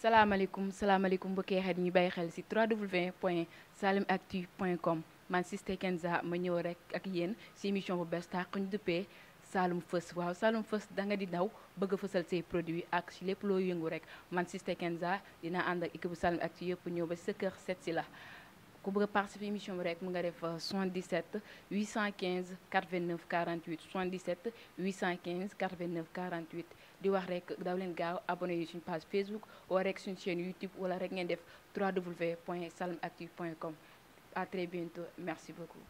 salaamaaleykum salaamaaleykum mbokki xarit ñu bàyyi xel si www.salemactu.com man Siste Kenza ma ñëw rek ak yéen si émission bu bees tàq ñu duppee salum Fës waaw salum Fës da nga di daw bëgg a fësal say produits ak ci lépp loo yëngu rek man Siste Kenza dina ànd ak équipe bu Saloum Actu yëpp ñëw ba sa kër seet si la. ku bëgg participer émission rek mu nga def 77 815 89 48 77 815 89 48 di wax rek daw leen sur abonné page Facebook ou rek chaîne YouTube wala rek ngeen def à très bientôt merci beaucoup.